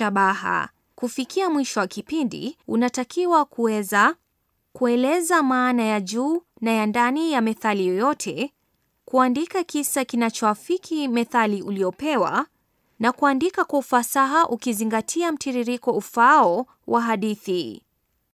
shabaha. Kufikia mwisho wa kipindi, unatakiwa kuweza kueleza maana ya juu na ya ndani ya methali yoyote, kuandika kisa kinachoafiki methali uliopewa, na kuandika kwa ufasaha ukizingatia mtiririko ufaao wa hadithi.